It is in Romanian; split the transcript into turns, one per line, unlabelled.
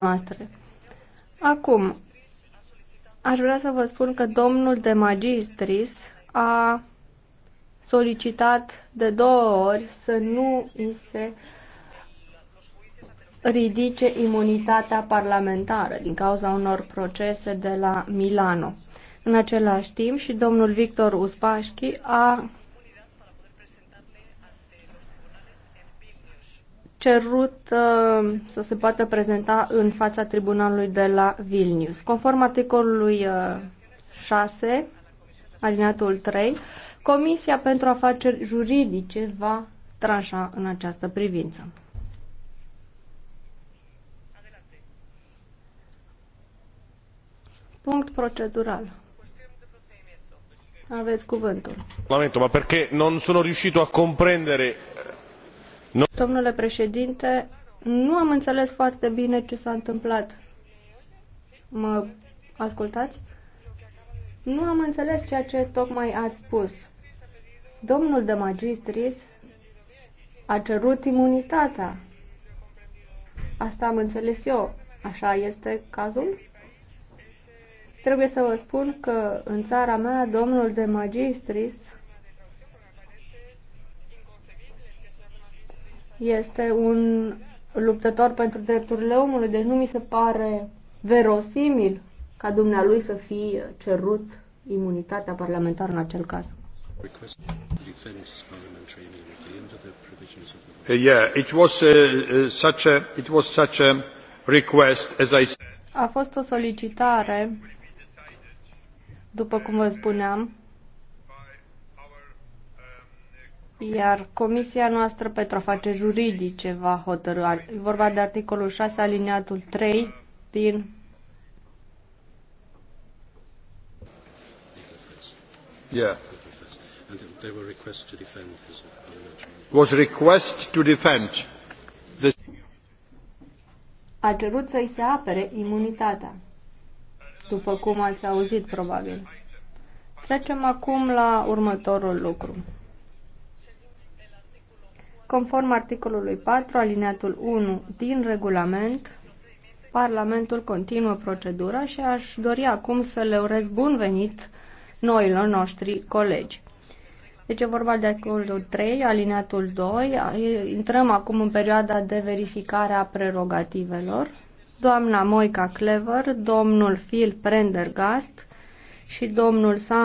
noastre. Acum, aș vrea să vă spun că domnul de magistris a solicitat de două ori să nu îi se ridice imunitatea parlamentară din cauza unor procese de la Milano. În același timp și domnul Victor Uspașchi a cerut uh, să se poată prezenta în fața tribunalului de la Vilnius. Conform articolului uh, 6, alineatul 3, Comisia pentru Afaceri Juridice va tranșa în această privință. Punct procedural. Aveți cuvântul. Lamento, ma perché non sono riuscito a comprendere Domnule președinte, nu am înțeles foarte bine ce s-a întâmplat. Mă ascultați? Nu am înțeles ceea ce tocmai ați spus. Domnul de magistris a cerut imunitatea. Asta am înțeles eu. Așa este cazul? Trebuie să vă spun că în țara mea domnul de magistris este un luptător pentru drepturile omului, deci nu mi se pare verosimil ca dumnealui să fi cerut imunitatea parlamentară în acel caz. Uh, uh, uh, a A fost o solicitare după cum vă spuneam, iar Comisia noastră pentru afaceri juridice va hotărâ. E vorba de articolul 6 aliniatul 3 din Yeah. they were request to defend his was request to defend the a cerut să-i se apere imunitatea, după cum ați auzit probabil. Trecem acum la următorul lucru. Conform articolului 4, alineatul 1 din regulament, Parlamentul continuă procedura și aș dori acum să le urez bun venit noilor noștri colegi. Deci e vorba de articolul 3, alineatul 2. Intrăm acum în perioada de verificare a prerogativelor. Doamna Moica Clever, domnul Phil Prendergast și domnul Sam